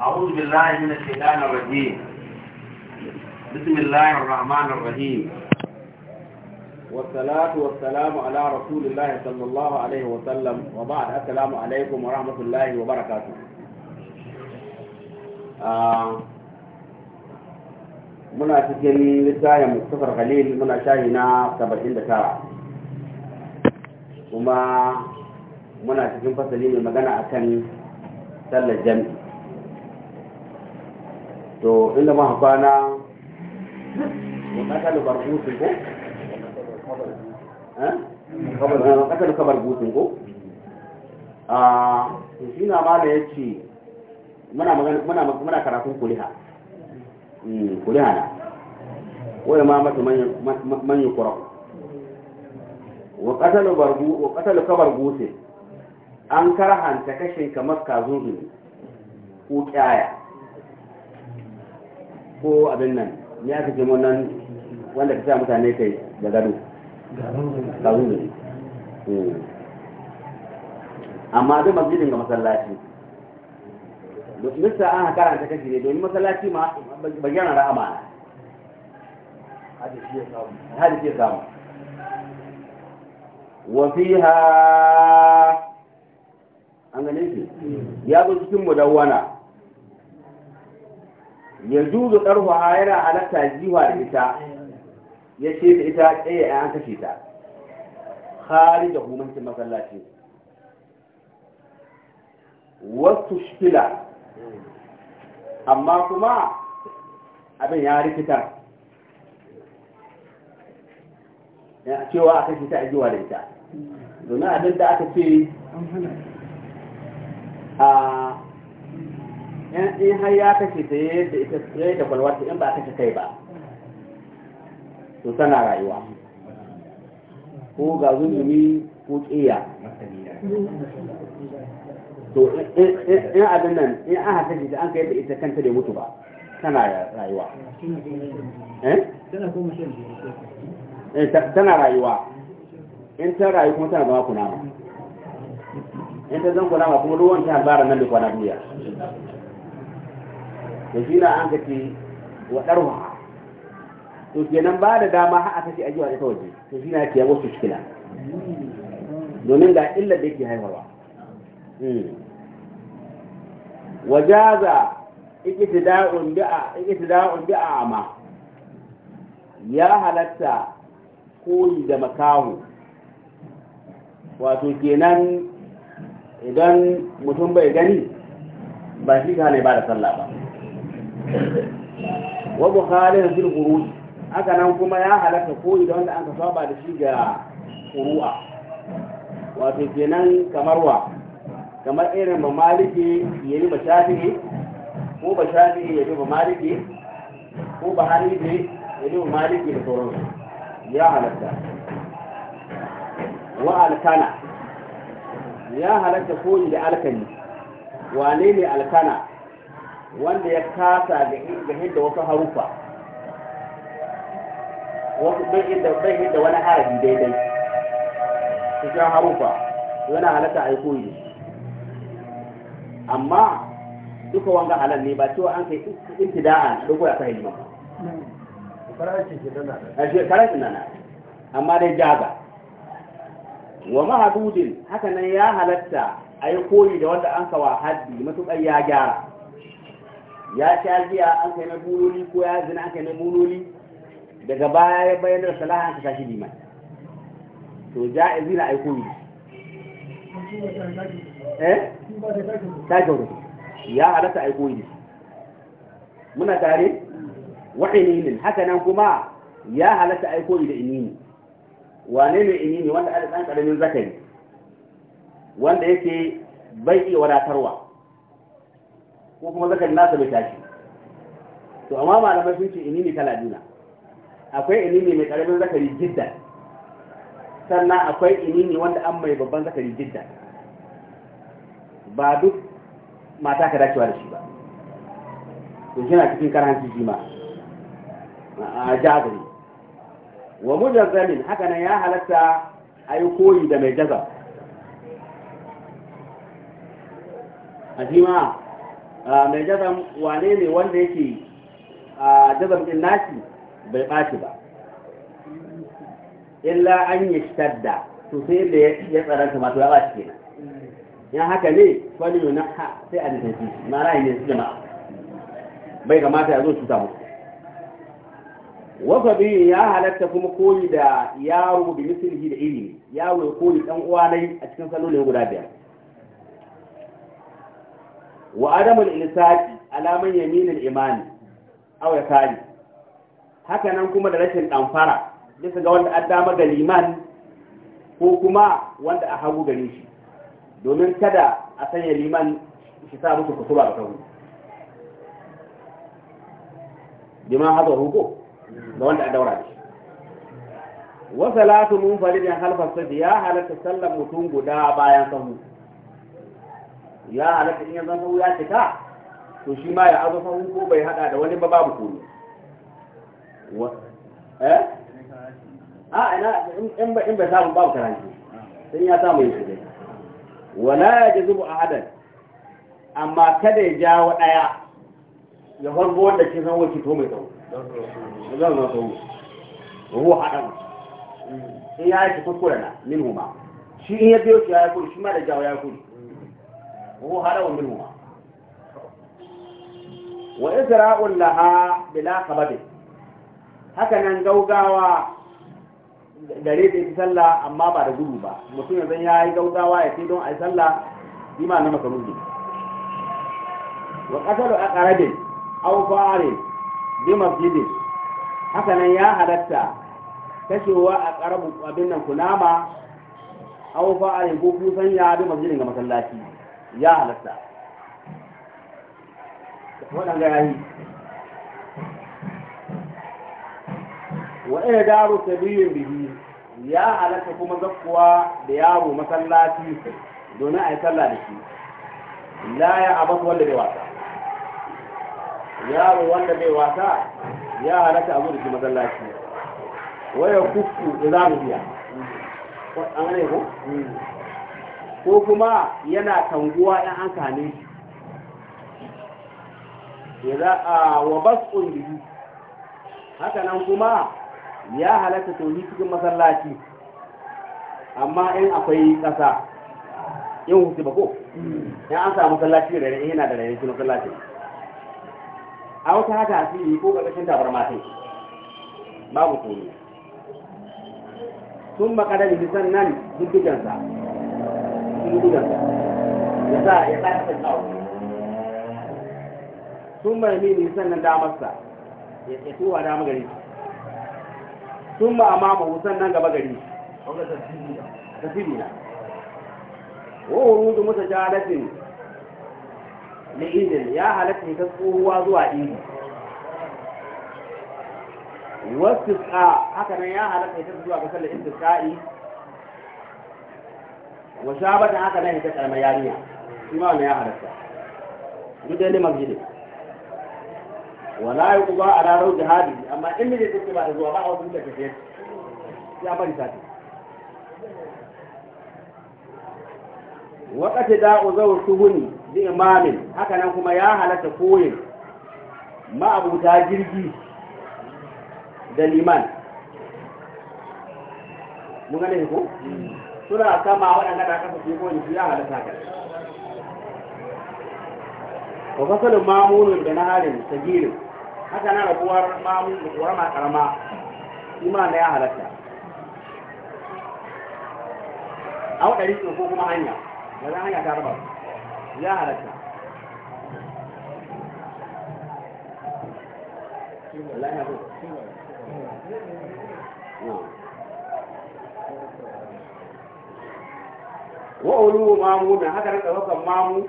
أعوذ بالله من الشيطان الرجيم بسم الله الرحمن الرحيم والصلاة والسلام على رسول الله صلى الله عليه وسلم وبعد السلام عليكم ورحمة الله وبركاته muna cikin littafin mustafar khalil muna shahi na 79 kuma muna cikin fasali mai magana akan sallar jami'i to inda ma kwana makasalu barbutin ko makasalu eh? kabar gutun ko a ah, shi na ma da ya ce muna karatun kuliha hmm, kuliha na wai ma mata manyan kurakun wa ƙasar kabar gutun an karahanta kashin kamar kazun zuni ko kyaya ko abin nan ne aka ce nan, wanda ka sa mutane kai da gado garun gari hmm. amma duk masjidin ga masallaci mista an karanta kashi ne domin masallaci ma bayyana ra'ama na hadisi ya samu wafiha an gane shi hmm. ya zo cikin mudawwana ya juzu ɗarhuwa yana halatta jiwa da ita ya ce da ita tsaye a an kashe ta hari da hukuncin masallaci wasu shila amma kuma abin ya rikitar cewa a kashe ta a jiwa da ita domin abin da aka ce a in har ya kashe ta yi ita ya yi da kwalwarta in ba kashe kai ba to tana rayuwa ko ga zuzumi ko ƙiya to in abin nan in an haka shi an kai da ita kanta da mutu ba tana rayuwa eh? eh, tana rayuwa in ta rayu kuma tana zama kunama in ta zan kunama kuma ruwan ta halbara nan da kwana duniya da shi na an kace wa ɗarwa to kenan ba da dama har aka ce a jiwa ita waje to shi na ke yawo su shikila domin ga illa da yake haifarwa hmm. wajaza iktida'un bi'a iktida'un bi'a ma ya halatta koyi da makahu wato kenan idan mutum bai gani ba shi ka ne ba da sallah ba wa bukhalin fil khuruj aka nan kuma ya halaka koyi da wanda an ka saba da shi ga kuru'a wato kenan kamar wa kamar irin ba maliki ya yi ba shafi'i ko ba shafi'i ya yi ba maliki ko ba hanifi ya yi ba maliki da sauransu ya halatta wa alkana ya halatta koyi da alkani wane ne alkana wanda ya kasa ga da wasu harufa wasu bai da wani harafi daidai su sha harufa yana halatta a yi koyi amma duka wanga halal ne ba cewa an kai intida'a duk ya fahimta ba karatun nana amma dai jaga wa mahadudin haka nan ya halatta a yi koyi da wanda an kawa haddi matuƙar ya gyara ya sha giya an kai na buloli ko ya zina an kai na buloli daga baya ya bayyana da salaha ta tashi liman to a zina aiko ne eh ta gauru ya halatta aiko ne muna tare wa'ininin haka nan kuma ya halatta aiko da inini wane ne inini wanda ana dan karamin zakari wanda yake bai iya wadatarwa ko kuma zakar nasa bai tashi to amma malamai sun ce ini ne kala akwai ini ne mai karamin zakari jiddan sannan akwai ini ne wanda an mai babban zakari jiddan ba duk mata ka dacewa da shi ba to yana cikin karanci shi ma a jazari wa mujazzalin haka nan ya halatta a yi koyi da mai jazar a shi ma Ah, mai jazam wane ne wanda yake a ah, jazam din nashi bai ɓaci ba illa an yi shadda to sai da ya tsaranta masu ya ɓaci kenan ya haka ne wani yau na ha sai a nisanci na ra'ayi ne su jama'a bai kamata ya zo su samu Wasu abin ya halatta kuma koyi da yaro da misali da ilimi yaro ya koyi dan uwa a cikin ya guda biyar wa adamul insaqi alaman yaminin imani aw yakari haka nan kuma da rashin damfara bisa ga wanda an dama ga liman ko kuma wanda a hagu gare shi domin kada a sanya liman shi sa musu kusuba da kawo liman hazo hugo ga wanda a daura da shi wa salatu munfaridin halfa sadi ya halatta sallar mutum guda bayan sahu ya halatta in ya zan sahu ya cika to shi ma ya azo sahu ko bai hada da wani ba babu komi eh a ina in ba in ba samu babu karanci sai ya samu yake dai wala yajzubu ahadan amma kada ya jawo daya ya farko wanda ke san wace to mai tsawo zan zo tsawo ruwa hadan in ya yi kuskure na min huma shi in ya biyo shi ya yi kuri shi ma da jawo ya yi kuri وهو هرع منهما وإزراء لها بلا خبب sallah amma ba da gudu ba mutum yanzu ya yi gaugawa ya ce don a yi sallah yi ma na makaruni wa a ƙarabin au fa'arin bi hakanan ya halatta kashewa a ƙarabin abin nan ko kusan ya bi masjidin ga masallaci ya halatta ga ya yi wa'ina daru sabiyin bihi ya halatta kuma zakkuwa da yaro masallaci domin a yi sallah da shi la ya abas wanda bai wasa yaro wanda bai wasa ya halatta a da shi masallaci waya kuku da za biya, biya an ne ko ko kuma yana tanguwa ɗan an kane shi wa bas biyu haka nan kuma ya halatta tohi cikin masallaci amma in akwai ƙasa yin hutu ba ko ya an samu masallaci da rai yana da rarrahe masallaci a wata haka asiri ko ƙarƙashin tabar matai babu komi sun makadar hisan nan dukansa duniya ya sa ya sa ta kawo sun mai mini sannan damarsa ya tuwa dama gari sun ba ma amama sannan gaba gari ta sirina wuhuru da mutu jaratin na idin ya halatta ta tsohuwa zuwa idi wasu a haka nan ya halatta ta zuwa ga sallar istisqa'i wa shabata haka nan ita karamar yarinya shi ma wannan ya halatta duk dai liman gidi wala yuqda ala rawdi hadi amma in ne take ba da zuwa ba a wasu take ce ya bari sati waqati da'u zawu tuhuni bi imamin haka nan kuma ya halatta koyin ma'abuta jirgi da liman mun gane ko hmm. suna kama waɗanda da aka fi ko ya halatta ka wa fasalin mamunin da na harin ta girin haka na rabuwar mamun da kuwa ma karama ima da ya halatta a waɗari ko kuma hanya da zan hanya ta raba ya halatta Allah ya so. wa ulu mamu da haka rinka saukan mamu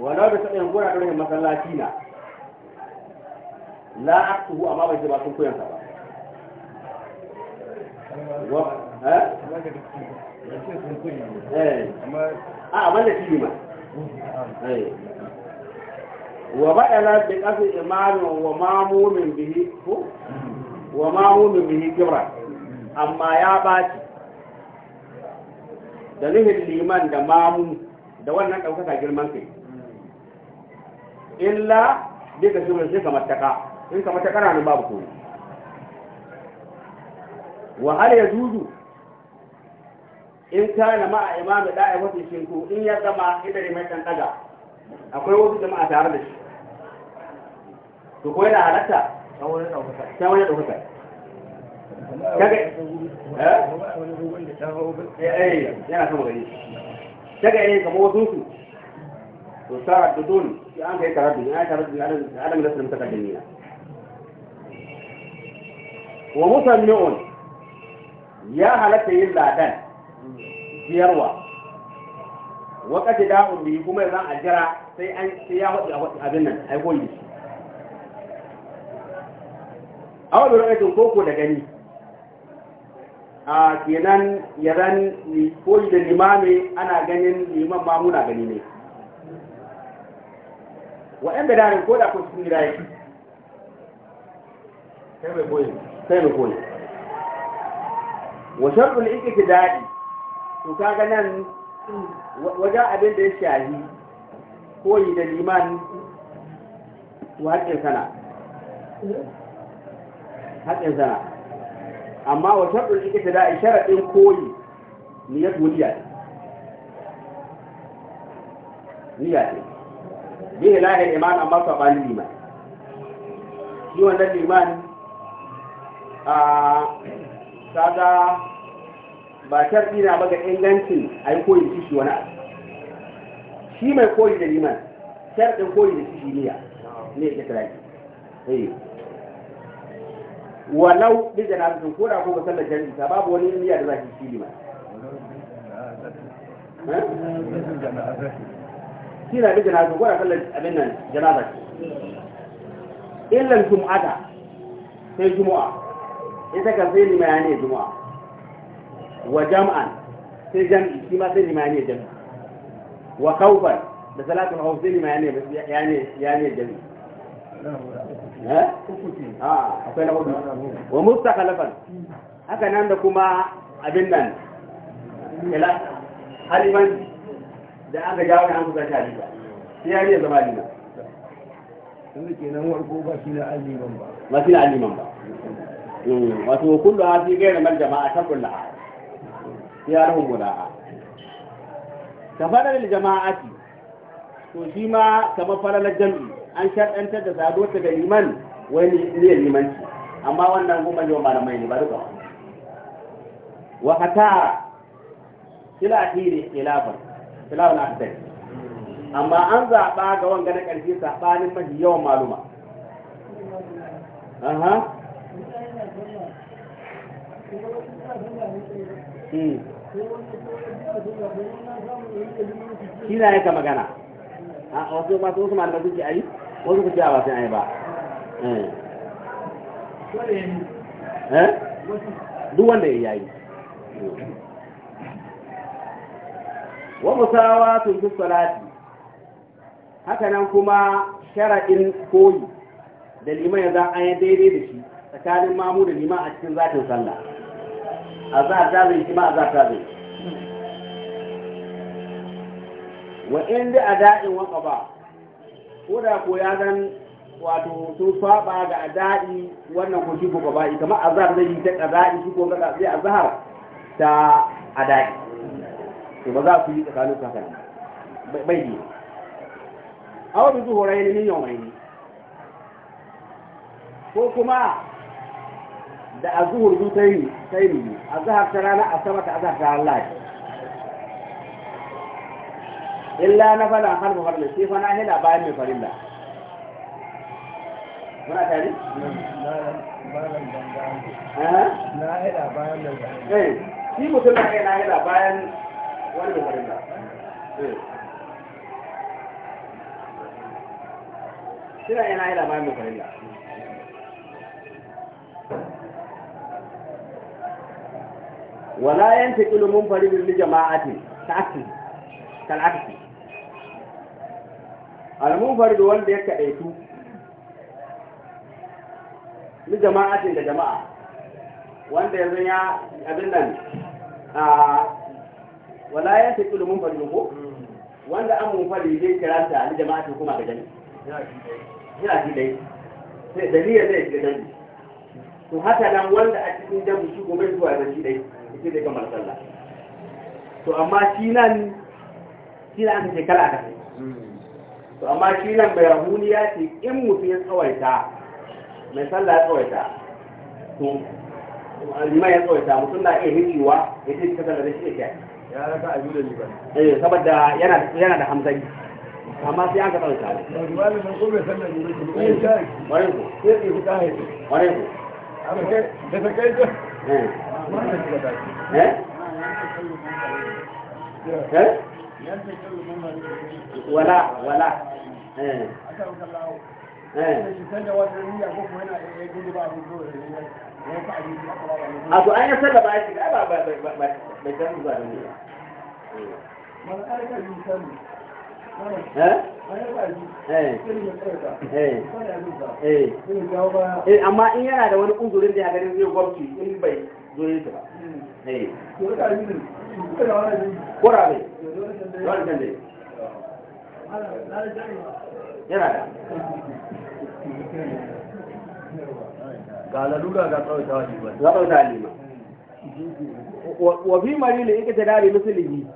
walau da saɗin gura da rahin masallaci na la aktuhu amma bai ce ba sun koyansa ba a eh? eh. abin da shi ma eh. wa ba'ala bi qasdi imanin wa mamu mamumin bihi ko wa mamu mamumin bihi kibra amma ya baci da nuhin liman da mamu da wannan ɗaukaka girman kai illa duka shi sai kamar taka in kamar taka na babu koyi wa ya zuzu in kana ma a imamu da'a wata shinku in ya zama inda ne mai ɗanɗaga. akwai wasu jama'a tare da shi to kuwa yana halatta ta wani ɗaukaka Eh? Eh, eh, yana sama gari daga yin kamar wasu su to sa'ad da dole ya an kai karatu ya karatu ya adam da sun takardun nila wa musamman ya halatta yin ladan biyarwa wakati da'un biyu kuma zan a jira sai an sai ya waɗi abin nan ai goyi shi awon ra'ayin koko da gani a kenan yaran koyi da limami ana ganin liman ma muna gani ne waɗanda da ko da kun sun gira yake sai mai koyi sai mai koyi wa daɗi to ka ganin wajen abin da ya shahi koyi da liman to haƙƙin sana haƙƙin sana amma wa ita ta da sharaɗin koyi niyyar wuliya ne niyya ne bihi lahir iman amma saɓanin liman shi wannan liman a kaga ba sharɗi na ba ga ingancin a yi koyi da shi wani shi mai koyi da liman sharɗin koyi da shi niyya ne ya ƙi walau bi janazatin ko da ko sallar jami'i ta babu wani niyya da zaki fili ma eh? shi na bi janazatin ko da sallar abin nan janaza ce illan jum'ata sai jumu'a ita kan sai limani jumu'a wa jam'an sai jam'i shi ma sai ni limani jam'i wa khawfan da salatu salatul khawf sai limani yani yani jam'i Eh? Ah, akwai na hudu wa mustakhalafan haka nan da kuma abin nan ila haliman da aka jawo da an kusa ta riba sai ya riya zama lima yanzu kenan warko ba shi na aliman ba ba shi na aliman ba hmm, wato kullu ha fi gaira mal jama'a ta kullu ha ya rahun guda ka jama'a jama'ati to shi ma kamar falalar jam'i an shaɗantar da sadu wata ga liman wani iya limanci amma wannan kuma ne malamai ne ba duka wa kata ila hiri khilafan khilafan akdai amma an zaɓa ga wanga na ƙarfi saɓanin mafi yawan maluma aha hmm. shi na yaka magana a wasu ba su ma da su ce ayi wasu ku ce ba sai ayi ba eh. eh duk wanda ya yayi wa musawa musawatun fi salati haka nan kuma shara'in koyi da liman ya za a yi daidai da shi tsakanin mamu da liman a cikin zatin sallah a za ta zai shi ma a za ta zai wa in da ada'in wa qaba ko da ko ya zan wato sun saba ga adai wannan ko shi ko qaba kamar azhar zai yi ta qada'i shi ko qada sai azhar ta adai to ba za ku yi tsakanin su haka bai yi aw bi zuhurayn min yawmayn ko kuma da azhur zu tayi tayi azhar ta rana asaba ta azhar ta Allah illa na fala har mu farla sai fa na hila bayan mai farilla muna tare na hila bayan mai farilla eh shi mutum na kai na hila bayan wani mai farilla eh. suna yana hila bayan mai farilla ولا ينتقل لجماعة كالعكس al-munfarid wanda ya kadaitu ni jama'atin da jama'a wanda yanzu ya abin nan a wala ya tafi da munfarid ko wanda an munfarid zai kiranta ni jama'atin kuma ga jami'a yana shi dai sai dalilin zai shiga jami'a to haka nan wanda a cikin jami'a shi gobe zuwa da shi dai shi dai kamar sallah to amma shi nan shi nan aka kala aka to amma shi nan bai rahuni ya ce in mutu ya tsawaita mai sallah ya tsawaita to liman ya tsawaita mutum na iya hikiwa ya ce ta sallah da shi ya ya raka a liban eh, saboda yana da hamsari amma sai an ka tsawaita wala wala Eh. Eh. a to an yi sallah ba shi ba ba ba ba bai san da niyya aika yi amma in yana da wani kunzurin da ya ganin zai gwamci in bai zo yi ta ba. Hmm. Eh. Kura bai. Wani yana da ga lalura ga tsawaitawa liman tsawaitawa liman wa fi marili ita ta dare musulmi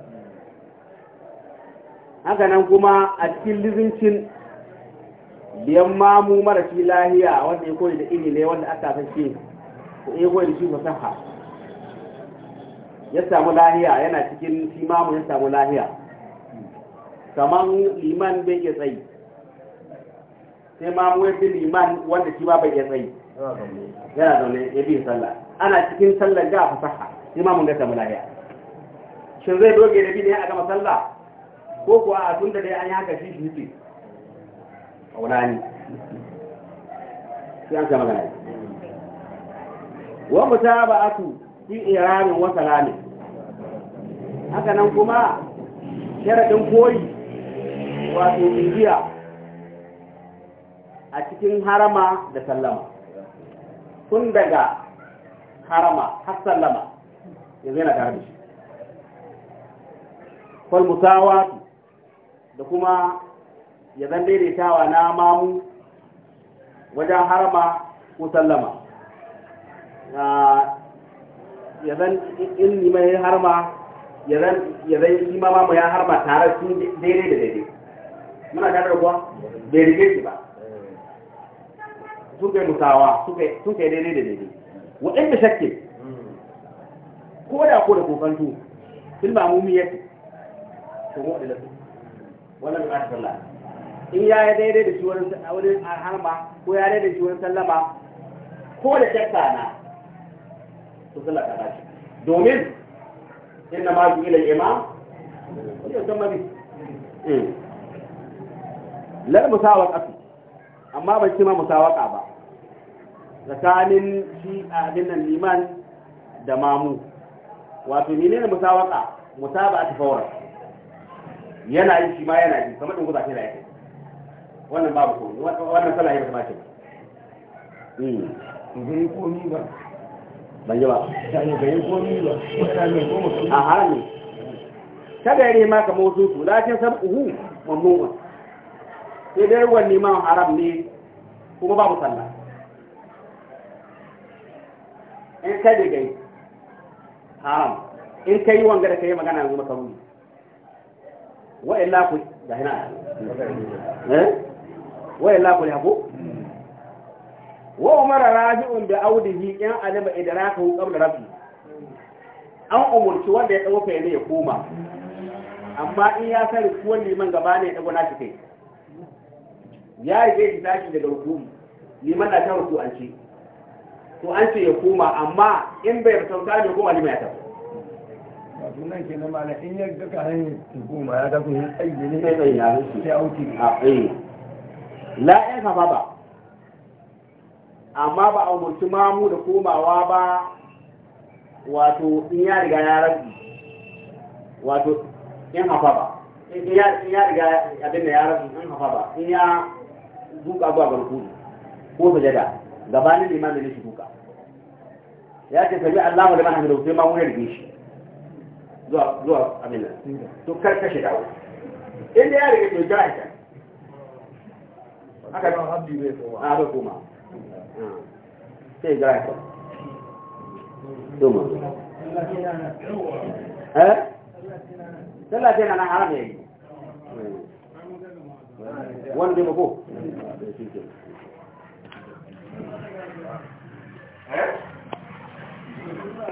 haka nan kuma a cikin lizincin biyan mamu mara shi lahiya wanda ya koyi da ini ne wanda aka shi, ko ya koyi da shi fasaha ya samu lahiya yana cikin shi mamu ya samu lahiya kaman liman bai ke tsayi sai ma mu yafi liman wanda shi ba bai iya tsayi yana zaune ya bi sallah ana cikin sallah ga fasaha sai ma mun ga samu lafiya shin zai doge da bi ne a gama sallah ko kuwa a tun da dai an yi haka shi shi ce kaunani sai an samu lafiya wa su fi iramin wa salamin haka nan kuma sharadin koyi wato bibiya a cikin harama da sallama tun daga harama har sallama ya zai na tare da shi falmusawa da kuma ya zan daidaitawa na mamu wajen harama ko sallama ya zan in nima ya harma ya zan yi ma ya harma tare sun daidai da daidai muna tare da kuwa bai shi ba suke mutawa suke daidai da daidai waɗanda shakke ko da ko da kokantu sun ba mu miyar sun da su wannan buƙatar sallah in ya yi daidai da shi wani harba ko ya daidai da shi wani sallama ko da shakka na su sallah ta ba shi domin na ma su ila imam ya san mabi eh. lal musawat asu amma ban shi ma musawaka ba tsakanin shi a abin nan liman da mamu wato menene musawaka musaba ta fawar yana yi shi ma yana yi kamar ɗin guza ke da yake wannan babu ko wannan sallah ya ba ta hmm. bai komi ba ban yi ba bai komi ba mutane goma a harami kada ya nema kamar wasu su lakin sab'uhu mamnu'un sai dai wani ma haram ne kuma babu sallah in kai da gai haram in kai wanga da yi magana yanzu maka rumi wa illa ku da hina eh wa illa ku haku wa umara raji'un bi audihi in alima idrakahu qabla rabbi an umurci wanda ya dauka ne ya koma amma in ya sani ko liman gaba ne ya dago na shi kai ya yi zai tashi daga rukuni liman na ta ruku an ce to an ce ya koma amma in bai sauta ne koma liman ya tafi wato nan ke na mana in ya ga ya koma ya tafi yin tsaye ne sai tsaye ya rufe sai auki a ah, tsaye eh. la ya kama ba amma ba a umarci mamu da komawa ba wato in ya riga ya rabu wato in hafa ba in ya riga abin da ya rabu in hafa ba in ya duka zuwa barkudu ko sujada gabanin limamin da shi duka ya ce sabi Allah wa liman hamidu sai ma wuri rige shi zuwa zuwa amina to kar kashe dawo inda ya rige to jira ita aka don habbi bai koma a ah, bai koma sai jira ita to mu eh sallah tana na haram yayi wanda ya ko? Eh?